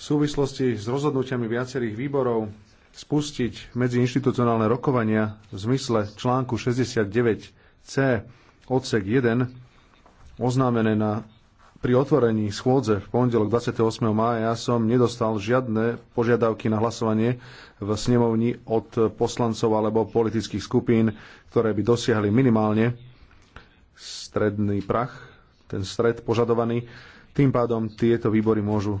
v súvislosti s rozhodnutiami viacerých výborov spustiť medziinštitucionálne rokovania v zmysle článku 69c odsek 1 oznámené na pri otvorení schôdze v pondelok 28. mája som nedostal žiadne požiadavky na hlasovanie v snemovni od poslancov alebo politických skupín, ktoré by dosiahli minimálne stredný prach, ten stred požadovaný. Tým pádom tieto výbory môžu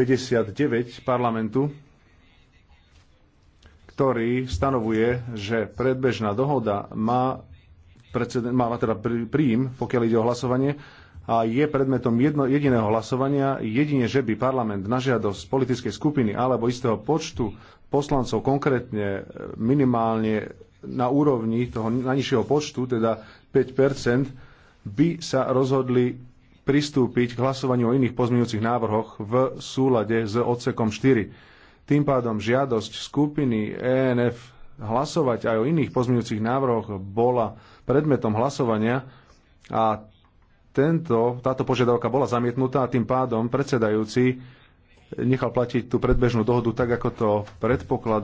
59 parlamentu, ktorý stanovuje, že predbežná dohoda má, preceden, má teda príjm, pokiaľ ide o hlasovanie, a je predmetom jedno, jediného hlasovania, jedine, že by parlament na žiadosť politickej skupiny alebo istého počtu poslancov konkrétne minimálne na úrovni toho najnižšieho počtu, teda 5 by sa rozhodli pristúpiť k hlasovaniu o iných pozmeňujúcich návrhoch v súlade s odsekom 4. Tým pádom žiadosť skupiny ENF hlasovať aj o iných pozmeňujúcich návrhoch bola predmetom hlasovania a tento, táto požiadavka bola zamietnutá a tým pádom predsedajúci nechal platiť tú predbežnú dohodu tak, ako to predpokladá